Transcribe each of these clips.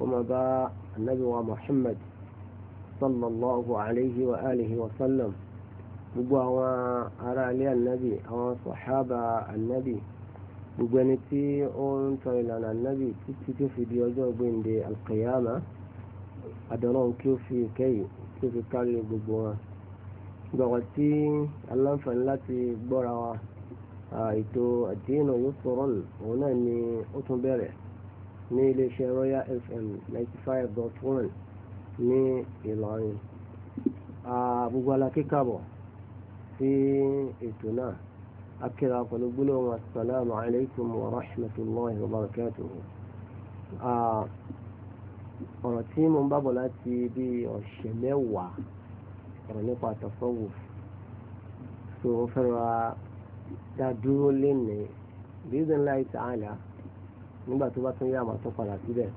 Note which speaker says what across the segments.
Speaker 1: كما باء النبي محمد صلى الله عليه وآله وسلم gbogbo àwọn ará ilé ànábì àwọn sàhábà ànábì gbogbo ẹni tí ó ń tọ ìlànà ànábì títí tó fi di ọjọ́ gbèǹde alqiyama àdánwò kí ó fi kẹ́yì kí ó fi kárí gbogbo wọn. gbọ̀ngàn tí aláǹfààní láti gbọ́ra wa ètò àdéhùn yóò sọ̀rọ̀ òun náà ni ó tún bẹ̀rẹ̀ ní iléeṣẹ́ Royal FM ninety five dot one ní Ìlọrin gbogbo alákè kábọ̀ sí ètò náà akẹ́ra pẹ̀lú gbólóhùn asalaamu alaykum wa rahmatulahi wa barakatuhu ọ̀rọ̀ tí mo ń bábọ̀ láti bí ọ̀sẹ̀ mẹ́wàá ọ̀rọ̀ nípa àtọ̀fọ́wò tó fẹ́ra dá dúró bí ó dé ńlá ìtàn àlà nígbà tó bá tún yá àmà tó padà síbẹ̀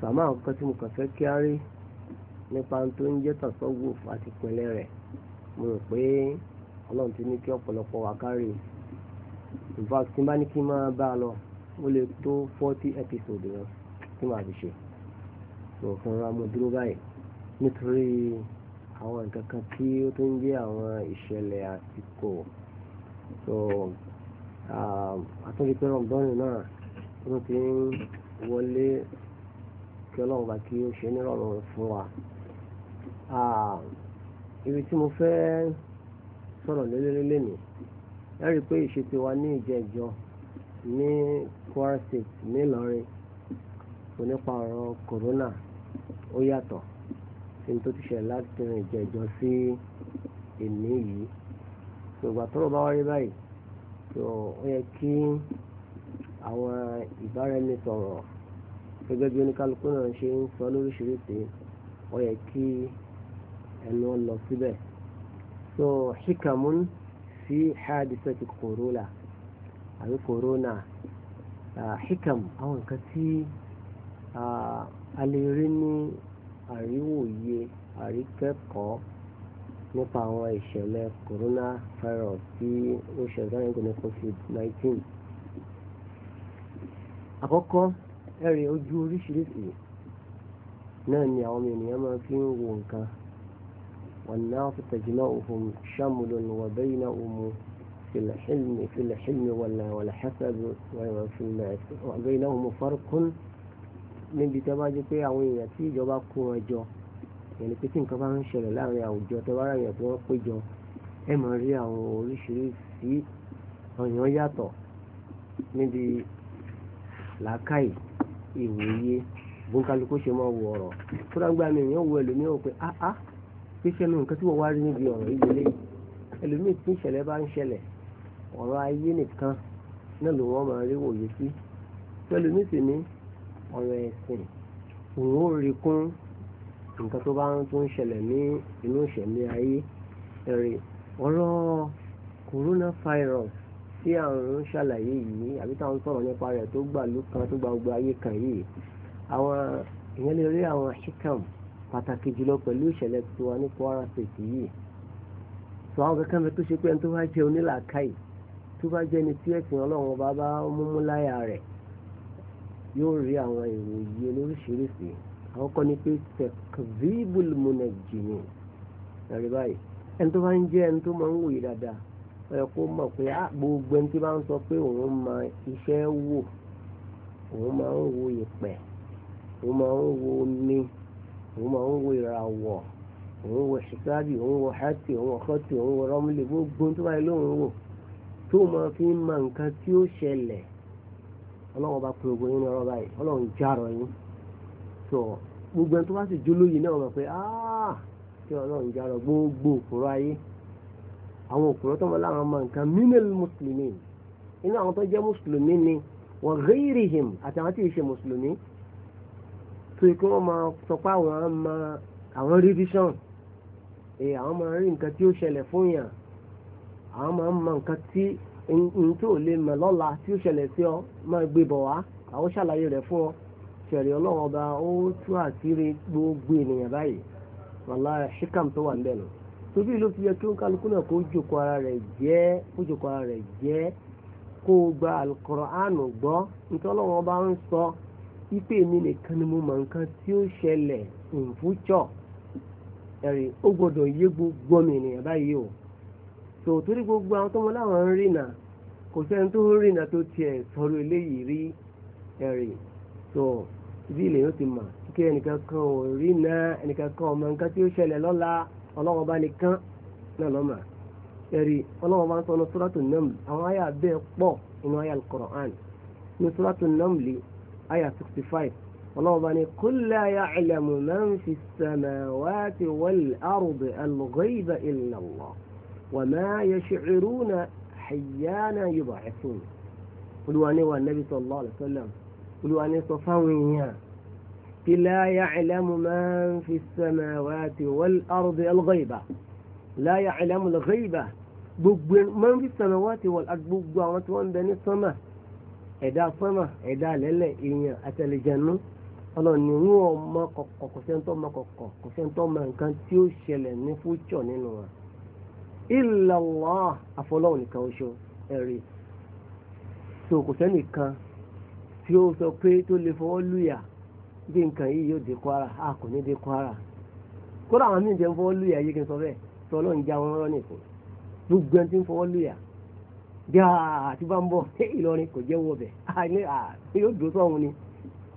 Speaker 1: sàmà àkọ́kọ́ tí mo kàn fẹ́ kí á rí nípa tó ń jẹ́ tasawuf àti ìpínlẹ̀ rẹ̀ mo rò pé ọlọ́run ti ní kí ọ̀pọ̀lọpọ̀ wà kárí ìfà tí bá ní kí máa bá a lọ ó lè tó forty episode yẹn tí màá fi ṣe tó fúnra mo dúró báyìí nítorí àwọn nǹkan kan tí ó tó ń jẹ́ àwọn ìṣẹ̀lẹ̀ àsìkò tó àtúndì pé rọ̀gbọ́n náà wọ́n ti ń wọlé kí ọlọ́run bá kí ó ṣe nírọ̀rùn fún wa. ibi tí mo fẹ́ sọ̀rọ̀ lélẹ́lẹ́lẹ́ ni ẹ rí i pé ìṣètò wa ní ìjẹ́jọ́ ní Kwara State nílọrin onípa ọ̀rọ̀ corona ó yàtọ̀ sí ní tó ti ṣẹlẹ̀ láti rìn ìjẹ́jọ́ sí èmi yìí. ṣùgbọ́n àtọ́rọ̀ bá wáyé báyìí ó yẹ kí àwọn ìbáraẹnisọ̀rọ̀ gẹ́gẹ́ bí oníkálukú náà ṣe ń sọ lóríṣiríṣi ó yẹ kí ẹnu lọ síbẹ̀ so hikamun fi hadisati corona àbí corona hikam àwọn nǹkan tí a lè rí ní àríwòye àríkẹ́kọ̀ọ́ nípa àwọn ìṣẹ̀lẹ̀ coronavirus tí ó ṣẹ̀dá ẹgbẹ̀rún covid nineteen àkọ́kọ́ ẹ̀rì ojú oríṣiríṣi náà ni àwọn ènìyàn máa fi ń wo nǹkan والناس تجمعهم شمل وبينهم في الحلم في الحلم ولا والحسب وفي وبينهم فرق níbi tí a bá jẹ́ pé àwọn èèyàn tí ìjọba kó wọn jọ yẹn ni pé tí nǹkan bá ń ṣẹlẹ̀ láàrin àwùjọ tẹ́ bá ra èèyàn tí wọ́n pé jọ ẹ máa rí àwọn oríṣiríṣi ọ̀yàn yàtọ̀ níbi làákàyè ìwòye bóńkálukú ṣe máa wọ ọ̀rọ̀ tó dágbà mi èèyàn wọ ẹlòmíì ò pé áá fífẹ́ nu nǹkan tí wọ́n wá rí níbi ọ̀rọ̀ yìí lélẹ̀ ẹlòmíì tí ìṣẹ̀lẹ̀ bá ń ṣẹlẹ̀ ọ̀rọ̀ ayé nìkan náà ló wọ́n máa rí wòye sí ẹlòmíì sì ní ọ̀rọ̀ ẹ̀sìn òun ó rí kún nǹkan tó bá ń tún ṣẹlẹ̀ ní inú ìṣẹ̀lẹ̀ ayé ẹ̀rì ọ̀rọ̀ coronavirus tí à ń ṣàlàyé yìí àbí tá à ń sọ̀rọ̀ nípa rẹ̀ tó gbà ló kan tó gba gbogbo ayé kan yìí àwọn ìyẹn lè rí àwọn hikam pàtàkì jùlọ pẹ̀lú ìṣẹ̀lẹ̀ tiwa ní Kwara State yìí sọ àwọn kankan mi tó ṣe pé ẹni tó bá jẹ onílàákàyè tó bá jẹ ẹni tí ẹ̀sìn Ọlọ́run ọba bá múmú láyà rẹ̀ yóò rí àwọn ìròyìn olóríṣiríṣi àwọn kọ́ ni pé tekvibul ẹni tó bá ń jẹ́ ẹni tó máa ń wòye dáadáa ẹ kó mọ̀ pé ah, gbogbo ẹni tí bá ń sọ pé òun mọ iṣẹ́ wò òun máa ń wo ìpẹ́ òun máa ń wo omi òun máa ń wo ìràwọ̀ òun wo ṣìkáàbì òun wo hẹ́tì òun wo kọ́tì òun wo rọ́múlẹ̀ gbogbo tó báyìí lóun wò tó máa fi ń mọ nǹkan tí ó ṣẹlẹ̀ ọlọ́run bá pe ogun yín ọ̀rọ̀ báyìí ọlọ́run járọ̀ yín tó gbogbo ẹni tó bá sì jólóyìn náà mọ̀ pé áá ah, kí ọlọ́run járọ̀ gbogbo òkúrọ̀ ayé àwọn òkùnrin tó ń bọ̀ láwọn ọmọ nǹkan minal muslimin inú àwọn tó jẹ́ mùsùlùmí ni wa ghayrihim àti àwọn tí ì ṣe mùsùlùmí tó yẹ kí wọ́n máa sọ pé àwọn máa àwọn rí vision ẹ àwọn máa rí nǹkan tí ó ṣẹlẹ̀ fún yàn àwọn máa ń mọ nǹkan tí n tó lè mọ̀ lọ́la tí ó ṣẹlẹ̀ sí ọ máa gbé bọ̀ wá àwọn ṣàlàyé rẹ̀ fún ọ ṣẹ̀rí ọlọ́wọ́n ọba ó tú àṣírí gbogbo ènìyàn báyìí wàlá ṣíkàm tó wà ń bẹ̀ nù. torí ló fi yẹ kí ó kálukú náà kó jókòó ara rẹ̀ jẹ́ kó ara kó o gba alukọ̀ránù gbọ́ nítorí bá ń sọ ipe mi nìkan ni mo mọ nǹkan tí ó ṣẹlẹ̀ nfútsọ̀ ẹ̀rì ó gbọ́dọ̀ yé gbogbo o tò torí gbogbo àwọn tó mọ láwọn ń rìnà kò sẹ́ni tó ń rìnà tó tiẹ̀ sọ̀rọ̀ eléyìí rí ẹ̀rì tò bí ilẹ̀ yóò ti mà kíkẹ́ ẹnìkan kan ò rìnà ẹnìkan kan ọmọ nǹkan tí ó ṣẹlẹ̀ ọlọ́wọ́ bá nìkan náà lọ́mà ẹ̀rí ọlọ́wọ́ bá ń sọ ní suratu naml àwọn àyà bẹ́ẹ̀ inú nínú àyà al-Qur'an ní suratu naml àyà sixty five ọlọ́wọ́ bá ní kúlẹ̀ kulla ya'lamu man fi as-samawati wal-ardi al-ghayba illa Allah wa ma yash'uruna hayyana yub'athun olùwà ni wà nabi sallallahu alaihi wasallam olùwà olùwàní sọ fáwọn èèyàn لا يعلم من في السماوات والأرض الغيبة لا يعلم الغيبة من في السماوات والأرض gbogbo àwọn tí wọ́n ń bẹ ní sánmà ẹ̀dá sánmà ẹ̀dá lẹ́lẹ̀ èèyàn àtẹlẹjẹnu ọlọ́ni wọn ò mọ kọ̀kọ̀ kò sẹ́ńtọ́ mọ kọ̀kọ̀ kò sẹ́ńtọ́ mọ nǹkan tí ó ṣẹlẹ̀ ní fújọ́ nínú wa ìlàlọ́ àfọlọ́wọ̀n nìkan oṣù ẹ̀rí tó kò sẹ́nìkan tí ó sọ pé tó lè fọwọ́ lùyà bí nǹkan yìí yóò dé Kwara a kò ní dé Kwara kódà àwọn míì jẹ́ ń fọwọ́ lùyà yé kí n sọ bẹ́ẹ̀ tí ọlọ́run já wọn rán nìkan gbogbo ẹni tí ń fọwọ́ lùyà bí àti bá ń bọ̀ Ìlọrin kò jẹ́ wọbẹ̀ àní àní yóò dúró sọ́hun ni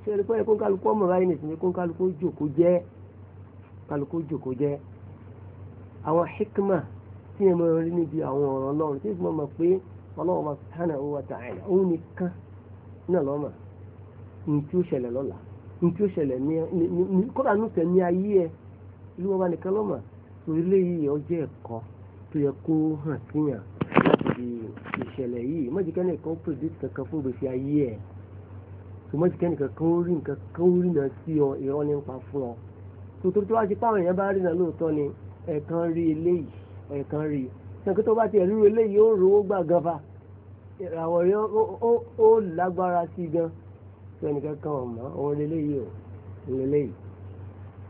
Speaker 1: ṣé ẹni pé kó kálukú ọmọ báyìí nìsín kó kálukú jòkó jẹ́ kálukú jòkó jẹ́ àwọn hikma tí ẹ máa rí níbi àwọn ọ̀rọ̀ ọlọ́run tí mo mọ̀ pé ọlọ́run nítí ó ṣẹlẹ̀ ní kódà nùtẹ̀ ní ayé ẹ ìlú ọba nìkan lọ́mọ tó ilé yìí ọjọ́ ẹ̀kọ́ tó yẹ kó hàn síyàn láti ìṣẹ̀lẹ̀ yìí mọ́jìkẹ́ni kan predict kankan fún gbèsè ayé ẹ̀ tó kankan ó rí nǹkan kan ó rí náà sí ọ ìrọ́ nípa fún ọ tó tó tó wá ti páwọn èèyàn bá rí ni ẹ̀ẹ̀kan rí ẹ̀ẹ̀kan rí tó bá ti ó ìràwọ̀ yẹn ó lágbára sí gan-an tí ẹnì kankan wọn mọ òun lélẹyìí o òun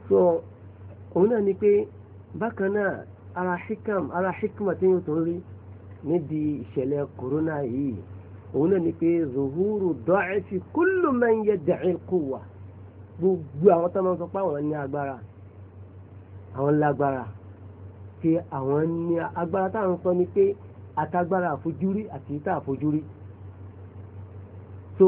Speaker 1: so òun náà ni pé bákan náà ara hikam ara hikma tí yóò tó ń rí níbi ìṣẹ̀lẹ̀ kòrónà yìí òun náà ni pé zuhuru dọ́ẹ̀tì kullu man yadda'i quwwa gbogbo àwọn tó máa ń sọ pé àwọn ní agbára àwọn lágbára pé àwọn ní agbára táwọn sọ ni pé àtagbára àfojúrí àti ìta àfojúrí so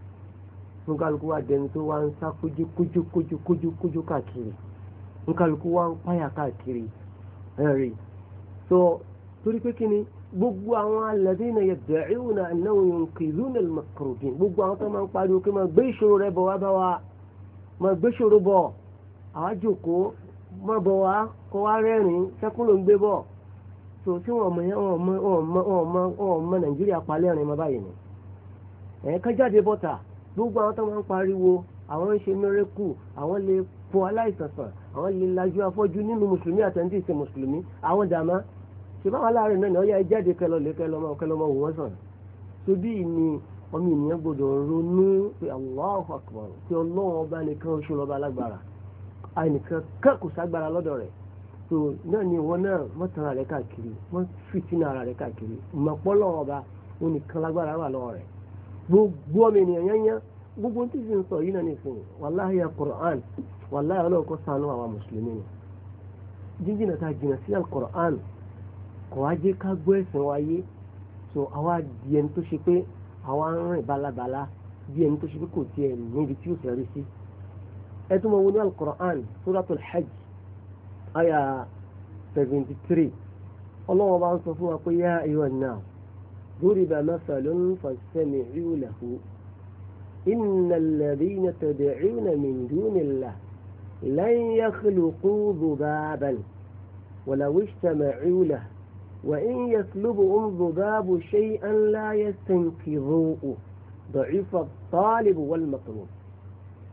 Speaker 1: fún kálukú wa dẹni tó wá ń sá kójú kójú kójú kójú kójú káàkiri fún kálukú wa ń páyà káàkiri ẹ̀rí tó torí pé kí ni gbogbo àwọn alladhina yad'una annahum yunqidhuna al-makrubin gbogbo àwọn tó máa ń pariwo pé máa gbé ìṣòro rẹ bọ̀ wá bá wa máa gbé ìṣòro bọ̀ àwa jòkóó máa bọ̀ wá kó wá rẹ́rìn-ín sẹ́kùn ló ń gbé bọ̀ tó tí wọn mọ wọn mọ wọn mọ wọn mọ nàìjíríà palẹ́rìn mọ báyìí ni ẹ̀ẹ́kájáde bọ́tà gbogbo àwọn tó máa ń pariwo àwọn ń ṣe mẹ́rẹ́kù àwọn lè fọ aláìsànsàn àwọn lè lajú afọ́jú nínú mùsùlùmí àtẹ̀ǹtì ìṣe mùsùlùmí àwọn dàmá ṣùgbọ́n àwọn aláàárẹ̀ náà ni ọ̀yà ìjáde kẹlọ́lẹ̀ kẹlọ́mọ kẹlọ́mọ wò wọ́n sàn tóbi ni ọmọ ènìyàn gbọdọ̀ ronú pé Allahu Akbar tí ọlọ́run ọba nìkan oṣù lọ́ba alágbára àìnìkan kẹ́kù ságbára lọ́dọ̀ rẹ̀ tó náà ni ìwọ náà mọ́ tan ara rẹ̀ káàkiri mọ́ fìtínà ara rẹ̀ káàkiri mọ̀pọ́lọ́ ọba onìkan lágbára wà lọ́wọ́ rẹ̀ gbogbo ọmọ ènìyàn yányá gbogbo tí sì ń sọ yìí náà nìsín wàláhì ya Qur'an wàláhì ọlọ́run kó ṣàánú àwa mùsùlùmí ni jíjìnà ta jìnà sí al-Qur'an kò wá jẹ́ ká gbọ́ ẹ̀sìn wa yé so àwa di ẹni tó ṣe pé àwa ń rìn balabala bí ẹni tó ṣe pé kò tiẹ̀ níbi tí ó fẹ́ rí sí ẹ tún mọ wo ní al-Qur'an suratul hajj aya seventy three ọlọ́run bá ń sọ fún wa pé yá ayọ̀ náà. ضرب مثل فاستمعوا له إن الذين تدعون من دون الله لن يخلقوا ذبابا ولو اجتمعوا له وإن يسلبهم ذباب شيئا لا يستنقذوه ضعيف الطالب والمطلوب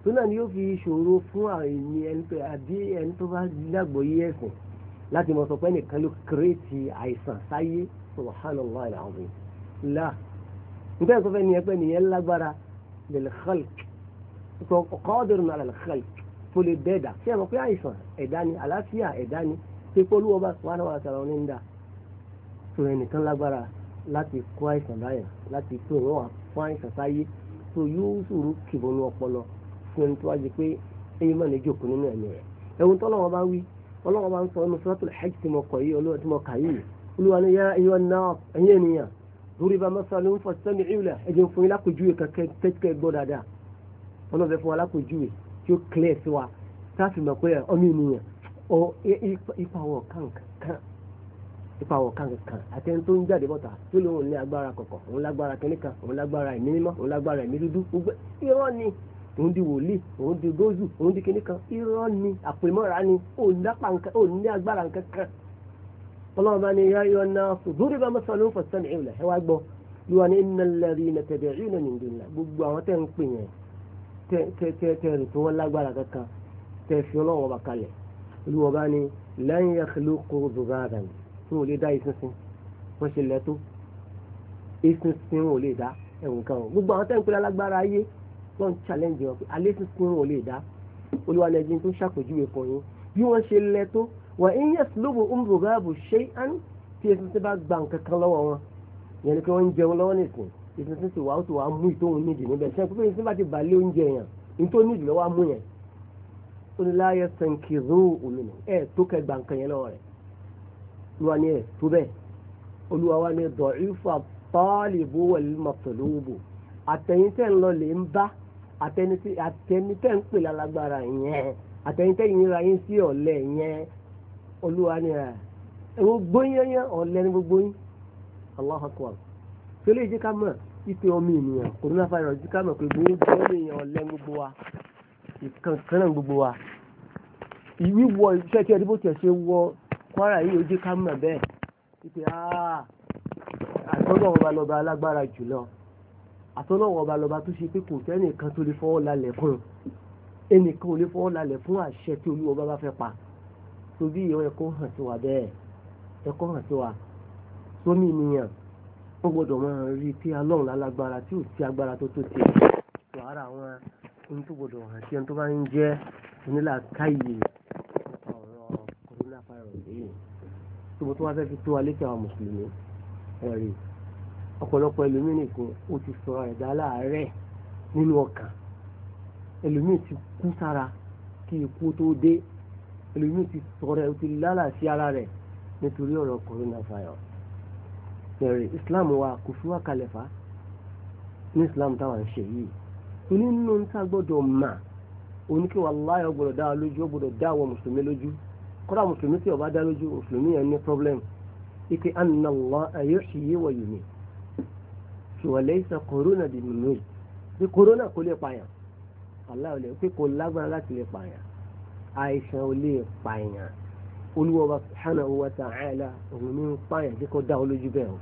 Speaker 1: ثم ni yóò fi ṣòro fún àìní ẹni pé àbí ẹni tó bá lágbóyé ẹ̀sìn láti mọ̀ sọ pé ẹnìkan ló àìsàn sáyé là nígbà yẹn sọfẹ́ nìyẹn pé nìyẹn lágbára lil khalq sọ kọ́ọ̀dọ̀rọ̀ náà lil khalq tó lè bẹ́ẹ̀ dà ṣé ẹ mọ̀ pé àìsàn ẹ̀dá ni àlàáfíà ẹ̀dá ni ṣé pé olúwọ́ bá wà náà sọ̀rọ̀ ní ńdà tó ẹnìkan lágbára láti kó àìsàn báyà láti tó ìwọ́n wà fún àìsàn sáyé tó yóò sòrò kìbọnú ọpọlọ fún ẹni tó wá jẹ pé ẹyin máa lè jòkó nínú ẹ̀mí rẹ̀ ẹ̀wọ̀n tó bá wí ọlọ́wọ́n duriba masalun fastami'u lahu ẹ̀jẹ̀ fún yín lápèjúwe kẹ̀kẹ́ tẹ́tẹ́ gbọ́ dáadáa wọn náà fẹ́ fún wa lápèjúwe tí ó clear sí wa táàfin mọ̀ pé ọmọ ènìyàn ọ ipa wọ̀ kankan ipa wọ̀ kankan àti ẹni tó ń jáde bọ́ta tó lóun ní agbára kọ̀kọ̀ òun lágbára kẹ́nìkan òun lágbára ẹ̀mí mímọ́ òun lágbára ẹ̀mí dúdú gbogbo irọ́ ni òun di wòlíì òun di góòzù òun di kẹ́nìkan irọ́ ni àpèmọ́ra ni òun ní agbára kankan ọlọ́run bá ní yá yọ náà sùn lórí bá mọ́sán ló ń fọ̀sán ní ìwìlẹ̀ ẹ wá gbọ́ yíwa ní iná lẹ́rìí iná tẹ̀dẹ̀ rí iná nìyí ńlá gbogbo àwọn tẹ̀ ń pè yẹn tẹ̀ rì tó wọ́n lágbára kankan tẹ̀ fi ọlọ́run ọba kalẹ̀ olúwọ́ bá ní lẹ́yìn yàtúlú kó zùgáàdà ní wọn ò lè dá ìsinsin wọ́n ṣe lẹ́tọ́ ìsinsin wọn ò lè dá ẹ̀wọ̀n kan gbogbo àwọn tẹ̀ ń pè lágbára ayé wọ́n challenge wọn pé alẹ́ ìsinsin wọn ò lè dá olúwa lẹ́jìn tó ṣàpèjúwe fún yín bí wọ́n ṣe lẹ́tọ́ wà ń yẹ sùlùbù ń bò gáàbù ṣé án tí eṣinṣin ti bá gba nǹkan kan lọ́wọ́ wọn yẹn ni pé wọ́n ń jẹun lọ́wọ́ nìsín eṣinṣin ti wà ó ti wà á mú ìtòhun nídìí níbẹ̀ ṣe pé eṣinṣin bá ti bà lé oúnjẹ yẹn nítorí nídìí lọ́wọ́ á mú yẹn ó ní láyé sankiru òmìnir ẹ tó kẹ gba nǹkan yẹn lọ́wọ́ rẹ̀ olúwa ni ẹ tó bẹ́ẹ̀ olúwa wa ni dọ̀ífà pàálíbù wal matlubu àtẹ̀yìntẹ̀ ń lọ lè ń bá àtẹ̀yìntẹ̀ ń pè lálágbára yẹn àtẹ̀yìntẹ̀ yìí ra yín sí ọ̀lẹ yẹn olúwa ni ẹ̀ ẹ̀wọ̀n gbóyányán ọ̀lẹ́ni gbogbo yín Allahu Akbar tó lè jẹ́ ká mọ̀ ipe ọmọ ènìyàn corona virus jẹ́ ká mọ̀ pé gbogbo ọmọ ènìyàn ọ̀lẹ́ni gbogbo wa ìkànkánná gbogbo wa ìwíwọ iṣẹ́ tí ẹni bó tiẹ̀ ṣe wọ Kwara yìí ó jẹ́ ká mọ̀ bẹ́ẹ̀ ipe aaa ah, àtọ́lọ́ ọba lọ́ba alágbára jùlọ àtọ́lọ́ ọba lọ́ba tó ṣe pé kò sẹ́nìkan tó lè fọwọ́ lálẹ̀ fún ẹnìkan ò lè fọwọ́ lálẹ̀ fún àṣẹ tí olúwa bá fẹ́ pa tó bí ìyọ ẹ̀kọ́ hàn sí wa bẹ́ẹ̀ ẹ̀kọ́ hàn sí wa sómi nìyàn wọ́n gbọ́dọ̀ máa rí pé alọ́run lálágbára tí ò sí agbára tó tó tiẹ̀ tó ara àwọn ohun tó gbọ́dọ̀ hàn sí ẹni tó bá ń jẹ́ onílà káyè nípa ọ̀rọ̀ corona virus yìí tó bó tó wá fẹ́ fi tó wa létí àwọn mùsùlùmí ẹ̀rí ọ̀pọ̀lọpọ̀ ẹlòmíì nìkan ó ti sọ̀rọ̀ ẹ̀dá láàárẹ̀ nínú ọkàn ẹlòmíì ti kú sára kí ikú tó dé ẹlòmíì ti tọrẹ o ti lálàsí ara rẹ̀ nítorí ọ̀rọ̀ coronavirus bẹ̀rẹ̀ islam wa kò fi wá kalẹ̀ fa ní islam táwọn ṣe yìí onínú níta gbọ́dọ̀ mà oníkẹ́ wallahi ó gbọ́dọ̀ dá lójú ó dá àwọn mùsùlùmí lójú kọ́dà mùsùlùmí tí ó dá lójú mùsùlùmí yẹn ní problem ike anna Allaha yuhyi wa yumit wa laysa corona di mímú pé corona kò lè pààyàn aláwọ̀ lè pé kò lágbára láti lè pààyàn àìsàn ò lè pààyàn olúwọba subhanahu wa ta'ala òun ní pààyàn tí kò dá olójú bẹ́ẹ̀ o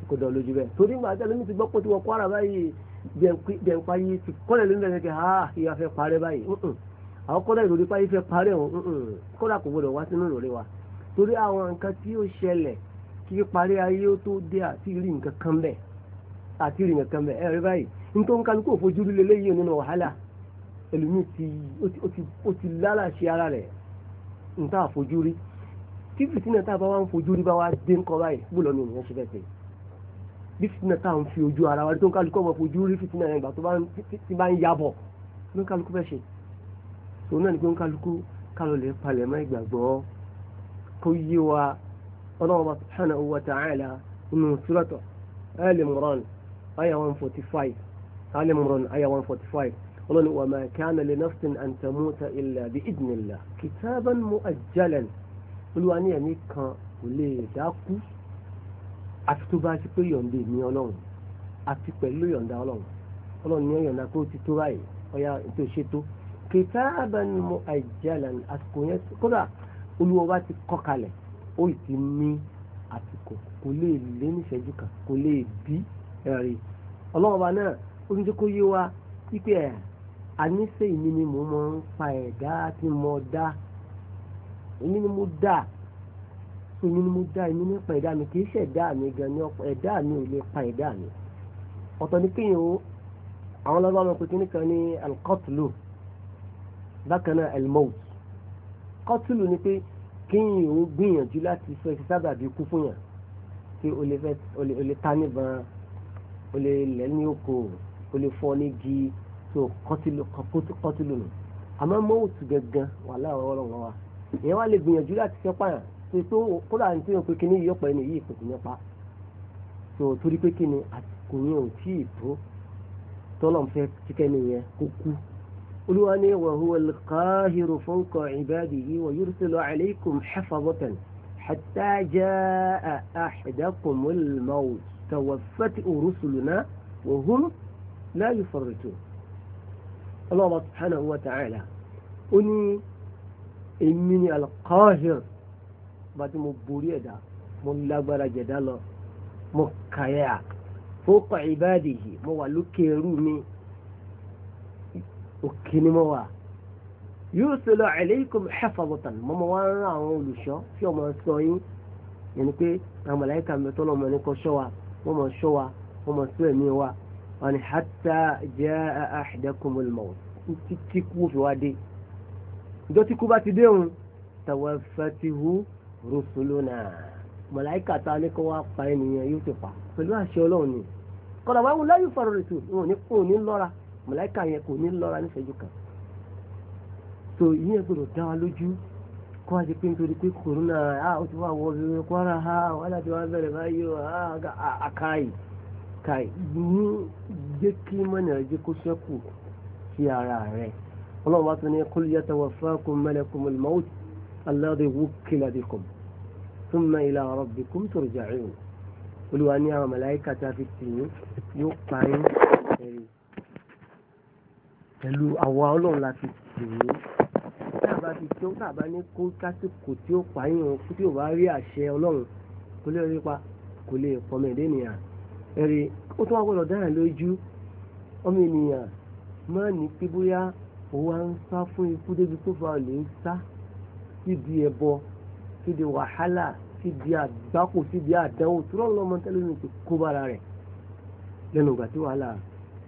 Speaker 1: tí kò dá olójú bẹ́ẹ̀ torí gbà tẹ́lẹ̀ mi ti gbọ́ pé tí wọ́n kọ́ ara báyìí bẹ́ẹ̀ yìí ti kọ́lẹ̀ lónìí lẹ́sẹ̀ kí ha ìyá fẹ́ parẹ́ báyìí àwọn kọ́lá ìròrí pa yìí fẹ́ parẹ́ o kọ́lá kò gbọdọ̀ wá sínú ìròrí wa torí àwọn nǹkan tí ó ṣẹlẹ̀ kí parí ayé ó tó dé àti rí nǹkan kan bẹ́ẹ̀ àti rí nǹkan kan bẹ́ẹ̀ ẹ̀rí ẹlòmíì ti ó ti lálàṣẹ ara rẹ̀ nǹkan àfojú rí tí fìtínà tá a bá wá ń fojú rí bá wá dé ńkọ báyìí bó lọ ni òun ṣe fẹ́ ṣe bí fìtínà tá à ń fi ojú ara wa tó ń kálukọ́ ọmọ fojú rí fìtínà yẹn ìgbà tó bá ń yabọ̀ ló ń kálukú fẹ́ ṣe òun náà ni pé ń kálukú kálọ̀ lè palẹ̀ mọ́ ìgbàgbọ́ kó yé wa ọlọ́run subhanahu wa ta'ala nínú suratu Al Imran aya one forty five Al Imran aya one forty five ọlọ́ni wà máa kana li nafsin an tamuta illa bi idhnillah kitaban mu'ajjalan olúwa ní ẹ̀mí kan kò lè dákú àti tó bá ṣe pé yọ̀ǹde mi ọlọ́run àti pẹ̀lú yọ̀ǹda ọlọ́run ọlọ́run ní yọ̀ǹda pé ó ti tó báyìí ọ̀yà tó ṣe tó kitaban mu'ajjalan àsìkò yẹn kódà olúwa bá ti kọ́ kalẹ̀ ó ti ní àsìkò kò lè lé níṣẹ́jú kan kò lè bí ẹ̀rí ọlọ́run ọba náà ó ń kó yé wa wípé ẹ̀ àníṣe èmi ni mo máa ń pa ẹ̀dá tí mo dá èmi ni mo dá èmi ni mo dá èmi ni pa ẹ̀dá mi kì í ṣẹ̀dá mi gan ni ọ̀pọ̀ ẹ̀dá mi ò lè pa ẹ̀dá mi ọ̀tọ̀ ni kéèyàn o àwọn lọ́wọ́ àwọn ọkùnrin nìkan ní alkọ́tùlù bákan náà elmout kọ́tùlù ni pé kéèyàn ò gbìyànjú láti sọ ẹ̀sìn sábà bíi kú fún yàn pé o lè ta níbọn o lè lẹ́ ní oko o lè fọ́ ní gi so kọtìlù kọtìlù nù àmọ́ mọ́wùtù gẹ́gẹ́ wà láwọn ọlọ́run wa èèyàn wá lè gbìyànjú láti fẹ́ pààyàn tó tó kódà ní tí wọn pe kíní yìí ẹni yìí kò sí nípa so torí pé kíni àsìkò yẹn ò tí ì tó tọ́lọ̀ ń fẹ́ kíkẹ́ nìyẹn kó kú olúwa ni wa huwa al-qahiru fawqa ibadihi wa yursilu alaykum hafazatan hatta jaa ahadakumul mawt Allah subhanahu wa ta'ala ó ní èmi ni al-Qahir bá tí mo borí ẹ̀dá mo lágbára jẹ̀dá lọ mo kàyà fawqa ibadihi mo wà lókè ẹrú mi òkè ni mo wà yursilu alaykum hafazatan mo mọ wá ń rán àwọn olùṣọ́ tí ọmọ sọ yín yẹn ni pé àwọn màláíkà mẹ́tọ́ lọ́mọ ní kọ́ ṣọ́ wọ́n mọ̀ ṣọ́ wọ́n mọ̀ sọ ẹ̀mí wa wọn ni hatta jaa ahadakumul maut títí kú fi wá dé ìjọ tí kú bá ti dé òun tawaffatihu rusuluna màláìkà tá a ní kó wá pa ènìyàn yóò ti pa pẹ̀lú àṣẹ ọlọ́run ni kọ́lá wàá wọn láyé fọ̀rọ̀ rẹ̀ tó wọn ò ní lọ́ra màláìkà yẹn kò ní lọ́ra níṣẹ́jú kan so ìyẹn gbọdọ̀ dá wa lójú kó a ti pé nítorí pé kòrónà a ah, ó ti wá wọ Kwara ha ah, wàhálà ti wá bẹ̀rẹ̀ báyìí o ah, àkáyì ka ní jẹ́ kí mọ́nà rẹ̀ jẹ́ kó ṣẹ́kù sí ara rẹ̀ ọlọ́run bá tún ní qul yatawaffakum malakumul maut alladhi wukkila bikum thumma ila rabbikum turja'un olùwà ní àwọn màláíkà tá a fi tì yín yóò parí ẹ̀rí pẹ̀lú àwa ọlọ́run la fi tì yín táàbà ti tó táàbà ní kó kásìkò tí ó parí yín kó tí ò bá rí àṣẹ ọlọ́run kó lè rí pa kó lè pọmọ ẹ̀dẹ́ nìyàn ẹ̀rí ó tún wá gbọ́dọ̀ dára lójú ọmọ ènìyàn máa ní pé bóyá òun á ń sá fún ikú débi tó fa lè ń sá síbi ẹ̀bọ síbi wàhálà síbi àgbákò síbi àdánwò tó rọ́ọ̀lù ọmọ tẹ́lẹ̀ ní ti kó bára rẹ̀ lẹ́nu ìgbà tí wàhálà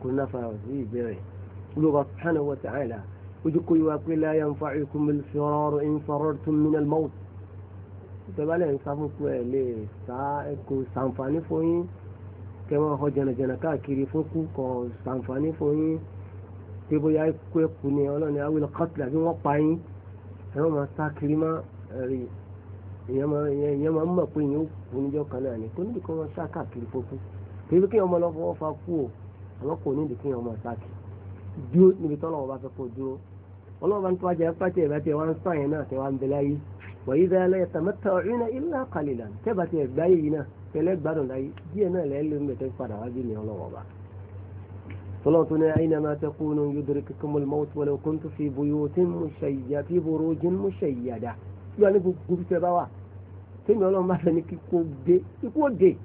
Speaker 1: kòrónà fáírọ́ọ̀sì sí ìbẹ̀rẹ̀ olùkọ́ sàánà wọ́n ti àyìnlá ojú kò yíwa pé la yanfa'ukum al-firaru in farartum min al-mawt ìjọba lẹ́yìn sáfún fún ẹ̀ lè sá ẹ̀kọ́ sàǹfààní fún yín kẹwọn ọkọ jẹnàjẹnà káàkiri fún kú kọ sàǹfààní fún yín pé bóyá ikú ẹkù ni ọlọ́ni awilọ kọ́tìlà bí wọ́n pa yín ẹ̀rọ máa sá kiri má rí ìyẹn máa ń mọ̀ pé ìyẹn ó kú níjọ́ kan náà ni kó níbi kí wọ́n sá káàkiri fún kú kí ibi kí ọmọ lọ́wọ́ fa kú o àwọn kò níbi kí ọmọ sá kiri dúró níbi tọ́lọ́wọ́ bá fẹ́ kó dúró ọlọ́wọ́ bá ń tọ́jà pàtẹ́ ìbátẹ́ wọn sàn pẹ̀lẹ́ gbádùn láyé díẹ̀ náà lẹ́yìn ló ń bẹ̀tẹ̀ padà wájú ní ọlọ́wọ́ bá. tọ́lọ́tù ní aynama takunu yudrikukumul mawtu walaw kuntum fi buyutin mushayyada fi burujin mushayyada yóò ní gbogbo fífẹ́ bá wà tèmi ọlọ́run bá kíkó dé kíkó dé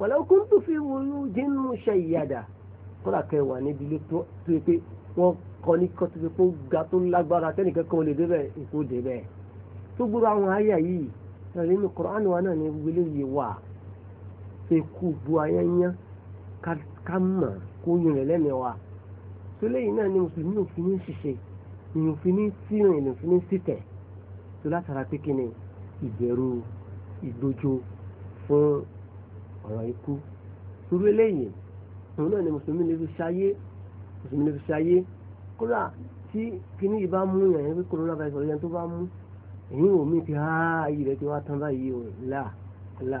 Speaker 1: walaw kuntum fi burujin mushayyada kọ́lá kẹ́ wà níbi ilé tó yẹ pé wọ́n kọ́ ní kọ́ tó yẹ pé ó ga tó lè dé bẹ́ẹ̀ èkó tó gbúrò àwọn àyà yìí nínú Kùránì wa náà ní gbogbo eléyìí Seku kú bu ayẹyẹ ká mọ̀ kó yin rẹ̀ lẹ́nu wa tó lẹ́yìn náà ni mùsùlùmí òfin ní ṣiṣẹ́ ìyìn òfin ní tìrìn ìyìn òfin ní sítẹ̀ tó látara pé kí ni ìbẹ̀rù ìgbójú fún ọ̀rọ̀ ikú torí eléyìí òun náà ni mùsùlùmí lè fi ṣayé mùsùlùmí lè fi ṣayé kódà tí kíní yìí bá mú yàn yẹn pé corona virus yẹn tó bá mú èyí ò mí ti há ayé rẹ ti wá tán báyìí o là là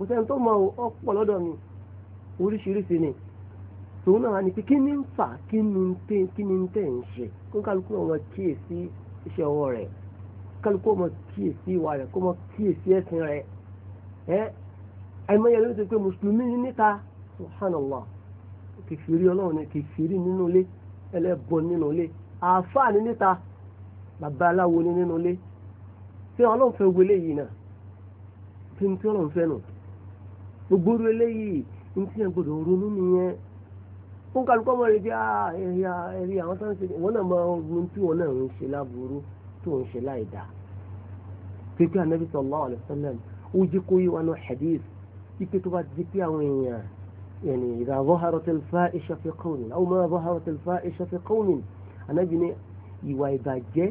Speaker 1: kò sẹ́ni tó mọ ọ̀pọ̀ lọ́dọ̀ mi oríṣiríṣi ni tòun náà ni pé kí ni ń fà kí ni ń tẹ̀ kí ni ń tẹ̀ ń ṣe kó kálukú ọmọ kíyèsí iṣẹ́ ọwọ́ rẹ̀ kálukú ọmọ kíyèsí ìwà rẹ̀ kó mọ kíyèsí ẹ̀sìn rẹ̀ ẹ́ àìmọye ló ń sọ pé mùsùlùmí níta subhanallah kìfìrí ọlọ́run ni kìfìrí nínú ilé ẹlẹ́bọ nínú ilé àáfàá ni níta bàbá aláwo ni nínú ilé ṣé ọlọ́run fẹ́ wọlé yìí náà kí ni tí ọlọ́run fẹ́ nù gbogbo orí eléyìí ní tí yẹn gbọdọ̀ ronú nìyẹn fún kálukọ́ mọ̀ rẹ̀ bí ah, ẹ̀yà ah, ẹ̀rí àwọn tó ń ṣe wọn náà máa ronú tí wọn náà ń ṣe láburú tó ń ṣe láìdá pépé anabi sallallahu alaihi wasallam ó jẹ́ kó yí wa nù hadith ipe tó bá di pé àwọn èèyàn yẹn ìdá zọ́hárọ̀ tẹlifá iṣẹ́ kọ́ọ̀nì àwọn máa zọ́hárọ̀ tẹlifá iṣẹ́ kọ́ọ̀nì anabi ní ìwà ìbàjẹ́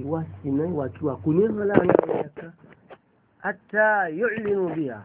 Speaker 1: ìwà sinna ìwà tiwa kò ní hàn láàrin àwọn ẹ̀ka àtà yóò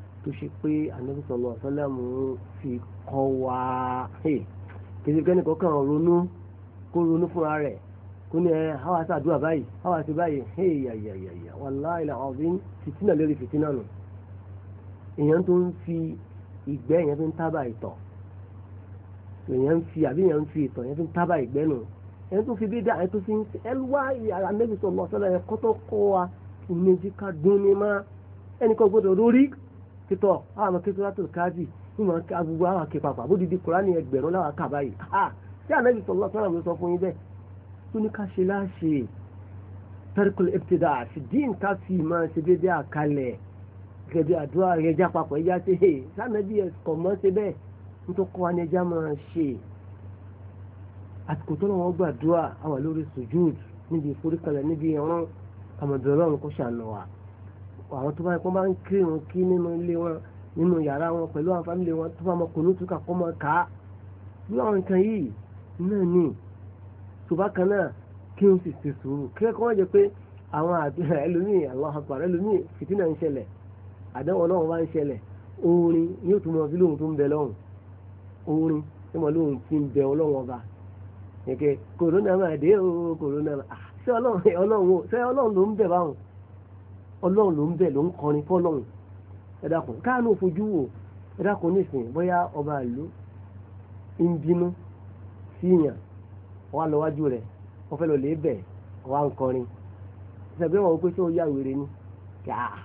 Speaker 1: tó ṣe pé Ànábì sallallahu alaihi wasallam fi kọ́ wa kìí kẹ́ni kọ́kàn ronú kó ronú fúnra rẹ̀ kó ní ẹ háwa sàdúrà báyìí háwa sí báyìí hey yàyàyàyà wallahi alazim fìtínà lórí fìtínà nù èèyàn tó ń fi ìgbẹ́ èèyàn tó ń tábà ìtọ̀ èèyàn fi àbí èèyàn ń fi ìtọ̀ èèyàn tó ń tábà ìgbẹ́ nù ẹni tó fi bí dáa ẹni tó fi ń fi ẹ wá Ànábì sallallahu alaihi wasallam ẹ̀kọ́ tó kọ́ wa ìmejì dún ní má ẹnì kan gbọ́dọ̀ lórí títọ́ àwọn akékeré tó káàdì ìmọ̀ agbègbè àwọn akẹ́pàpà bó didi kùránì ẹgbẹ̀rún láwọn kà báyìí ṣé ànábì sọlọ sọlọ mi sọ fún yín bẹ́ẹ̀ tó ní ká ṣe láṣẹ tarikul ibtida fìdín ká fi máa ṣe dédé àkàlẹ̀ gẹ̀dẹ̀ àdúrà ẹja papọ̀ ẹja ṣe é sànàbí ẹ̀kọ́ mọ́ ṣe bẹ́ẹ̀ nítorí kọ́ wa ni ẹja máa ṣe àtìkò tó náà wọ́n gbàdúrà àwọn lórí sùjúd níbi ìforíkalẹ̀ níbi ìrún àmọ̀dọ̀lọ́run kó ṣàánú wa àwọn tó bá kọ́ bá ń kírun kí nínú ilé wọn nínú yàrá wọn pẹ̀lú àwọn fámìlì wọn tó bá mọ kòló tó kà kọ́ mọ ká bí àwọn nǹkan yìí náà ni ṣùgbọ́n kan náà kí n sì ṣe sùúrù kí ẹ̀kọ́ wọ́n jẹ pé àwọn àdúrà ẹlòmíì Allahu Akbar ẹlòmíì fìtínà ń ṣẹlẹ̀ àdánwò náà wọ́n bá ń ṣẹlẹ̀ orin yóò tún mọ bí lóhun tó ń bẹ lọ́hùn orin tí mo lóhun ti ń bẹ ọlọ́run ọba yẹn kòrónà máa dé o kòrónà máa ah, ṣé ọlọ́run ló ń bẹ báwọn ọlọ́run ló ń bẹ̀ ló ń kọrin fọlọ́run ẹ dákun káàánú fojú wò ẹ dákun nísìnyí bóyá ọba ìlú ń bínú síyàn wà lọ́wájú rẹ̀ wọ́n fẹ́ lọ lè bẹ̀ wà ń kọrin ṣàgbéwọ̀n wọn pé sọ yà wèrè ni kàá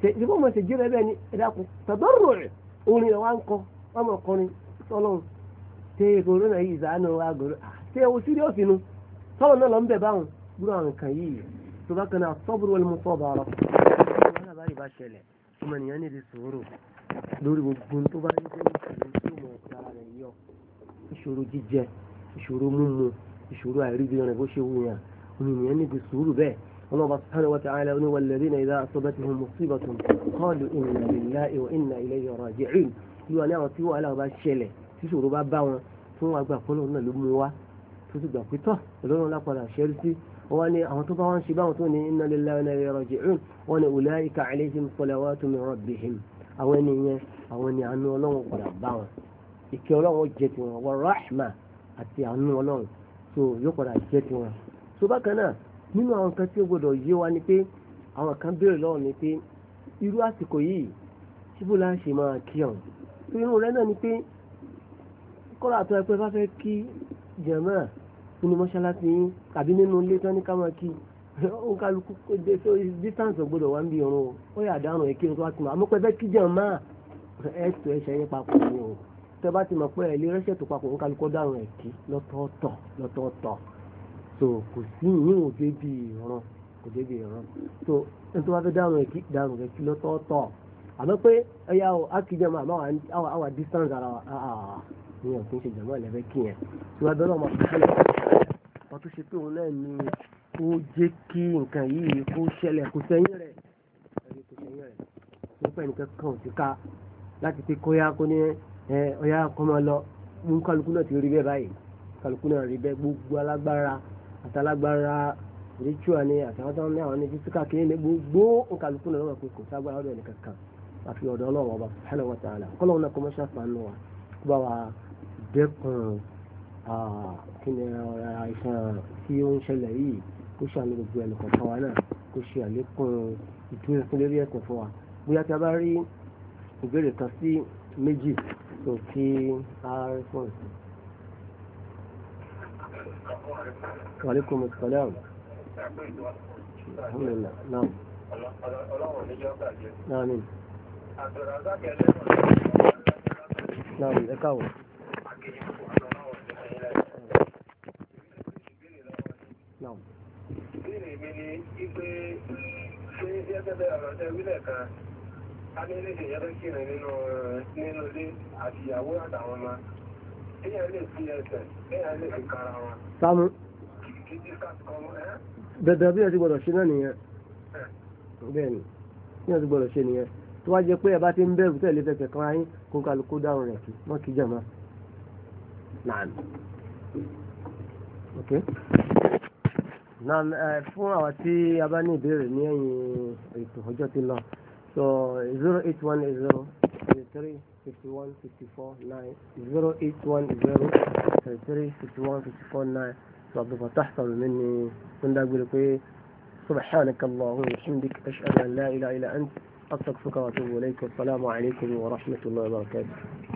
Speaker 1: ṣe bó ma ṣe jí rẹ bẹ́ẹ̀ ni ẹ dákun tàdọ́rù rẹ̀ orin rẹ̀ wà ń kọ wọ́n mọ̀ kọrin tọ́lọ́run ṣe kòrónà yìí ìzànú àgòrò ṣe o òfin nu tọ́lọ́ náà lọ tó bá kan as-sabr wal-musabara wàhálà bá rí bá ṣẹlẹ̀ ọmọ ènìyàn ní ìdí sòwòrò lórí gbogbo tó bá ń jẹ́ ìṣòro tí ó mọ̀ ọ̀tara rẹ̀ yọ ìṣòro jíjẹ ìṣòro mímu ìṣòro àìríbi rẹ̀ bó ṣe wù yàn ọmọ ènìyàn ní ìdí sòwòrò bẹ́ẹ̀ الله سبحانه وتعالى والذين إذا أصابتهم مصيبة قالوا إنا لله وإنا إليه راجعون yóò ní àwọn tí wàhálà bá ṣẹlẹ̀ tí ṣòro bá bá wọn fún agbàpọ̀ náà ló mú wa tó ti gbà pé tọ́ ọlọ́run lápadà ṣẹ́rí sí wọ́n ní àwọn tó bá wọn ṣe báwọn tó ní inna lillahi wa inna ilayhi raji'un wọ́n ní ulaika alayhim salawatu min rabbihim àwọn ènìyàn àwọn ni àánú ọlọ́run padà bá wọn ìkẹ́ ọlọ́run jẹ tiwọn wọ́n rahma àti àánú ọlọ́run tó yóò padà jẹ tiwọn. tó bákan náà nínú àwọn kan tí ó gbọdọ̀ yé wa ni pé àwọn kan béèrè lọ́wọ́ ni pé irú àsìkò yìí síbò láà ṣe máa kí ọ̀hún tó irú rẹ náà ni pé kọ́lá àtọ́ ẹgbẹ́ bá fẹ́ kí jàmáà nínú mọ́ṣáláṣí yín tàbí nínú ilé tán ní káwọn kí ó kálukú kó dé so distance gbọ́dọ̀ wá ń bí irun o ó yà dáràn ẹ kírun tó bá ti mọ àmọ́ pé fẹ́ kíjàn máa ẹ tó ẹsẹ̀ papọ̀ ni o tẹ bá ti mọ̀ pé ẹ lè tó papọ̀ ó kálukú dáràn ẹ kí lọ́tọ̀ọ̀tọ̀ lọ́tọ̀ọ̀tọ̀ so kò sí ìyín ò débi irun kò débi irun so ẹni tó bá fẹ́ dáràn ẹ kí dáràn ẹ kí lọ́tọ̀ọ̀tọ̀ àmọ́ pé ẹ yà ó á kíjàn máa àmọ́ ní ọ̀kí ń ṣe jàmọ́ ẹ̀lẹ́fẹ́ kí yẹn tí wàá bẹ́ẹ̀ lọ́mọ sọ́kẹ́lẹ̀ wọ́n tó ṣe pé òun náà ni kó jẹ́ kí nǹkan yìí kó ṣẹlẹ̀ kó sẹ́yìn rẹ̀ ẹ̀rí kó sẹ́yìn rẹ̀ tó pẹ́ nìkan kan ò ti ká láti pé kóyá kó ní ọ̀yá kọ́mọ lọ mú kálukú náà ti rí bẹ́ẹ̀ báyìí kálukú náà rí bẹ́ẹ̀ gbogbo alágbára àtàlágbára ritual ni àtàwọn tó ń ní àwọn ní physical kìíní ní gbogbo kálukú náà lọ́wọ́ pé kò ságbára ọ̀dọ̀ ẹnìkan kan àfi ọ̀dọ̀ ọlọ́wọ́ ọba subhanahu wa ta'ala kọ́lọ́wọ́n náà kọ́mọ́ṣáfà ń lọ wa kó bá wa dẹ́kun àìsàn tí ó ń ṣẹlẹ̀ yìí kó ṣàánú gbogbo ẹnìkan fún wa náà kó ṣe àlékún ìdúró fún lórí ẹ̀kọ́ fún wa bóyá tí a bá rí ìbéèrè kan sí méjì tó kí a rí fún ìsìn. Wàlékún Mùsùlùmí àwọn. Alhamdulillah, naam. Ọlọ́run ní jọ́ bàjẹ́. Naam. Àbẹ̀rẹ̀ àgbàjẹ́ lẹ́nu. Naam, ẹ káwọ̀. ipe ṣe jẹ́ tẹ́lẹ̀ ọ̀rọ̀ tẹ́ wílẹ̀ kan adélèdè yẹ́ lókè nínú nínú ilé àti ìyàwó àtàwọn ọmọ èèyàn lè fi ẹsẹ̀ èèyàn lè fi kára wọn. sámú. dandan bí ẹ ti gbọ́dọ̀ ṣe náà nìyẹn bẹ́ẹ̀ ni bí gbọ́dọ̀ ṣe nìyẹn tó wá pé ẹ bá ti ń bẹ̀rù tẹ̀lé Eh, fún àwọn tí a bá ní ìbéèrè ní ẹ̀yìn ètò ọjọ́ ti lọ so zero eight one zero three fifty one fifty four nine zero eight one zero thirty three fifty one fifty four nine so abdulfatah sọ̀rọ̀ mi ni ó pé subhanaka allahumma wa bihamdik ashhadu an la anta astaghfiruka wa atubu salaamu alaykum wa rahmatullahi wa barakatuh.